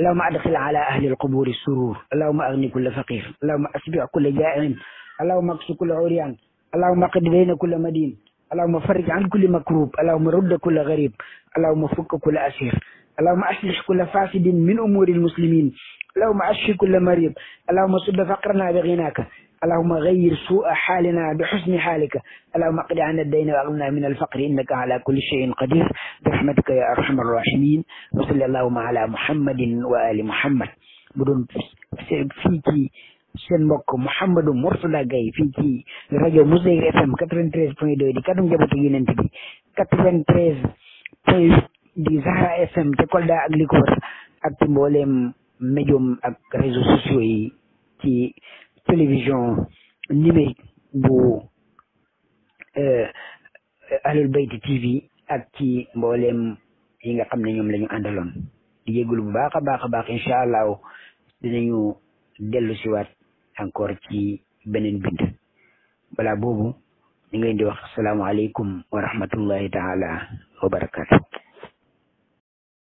A: اللهم أدخل على أهل القبور السرور اللهم أغني كل فقير اللهم أسبع كل جائع اللهم اكس كل عريان اللهم قد بين كل مدين اللهم فرج عن كل مكروب اللهم رد كل غريب اللهم فك كل أسير اللهم أصلح كل فاسد من أمور المسلمين اللهم أشفي كل مريض اللهم سد فقرنا بغناك allahuma gayir suua xaalina bi xusni xaalika allahuma qdi ana dayna wa aghnina min alfaqri innaka ala kulli cheyin qadir bi rahmatika ya arhamar rahimin wa salli allahuma ala muhammadin wa ali muhammad bu doon fii ci seen mbokk Mouhamadou Mourtada Gaye fii ci rajo Mousdayri FM 93 point 2 di kaddu njabootu yonent bi 93 point 8 di Zahra FM te Kolda ak li ko wër ak ci mbooleem médium ak réseaux sociaux yi ci télévision numérique bu euh, Ahlul Bayti TV ak ci mbooleem yi nga xam ne ñoom la ñu àndaloon di jégalu bu baax a baax a baax incha allahu dinañu dellu siwaat encore ci beneen bind balaa boobu ñu ngi leen di wax asalaamaaleykum wa rahmatullahi taala wa barakaatu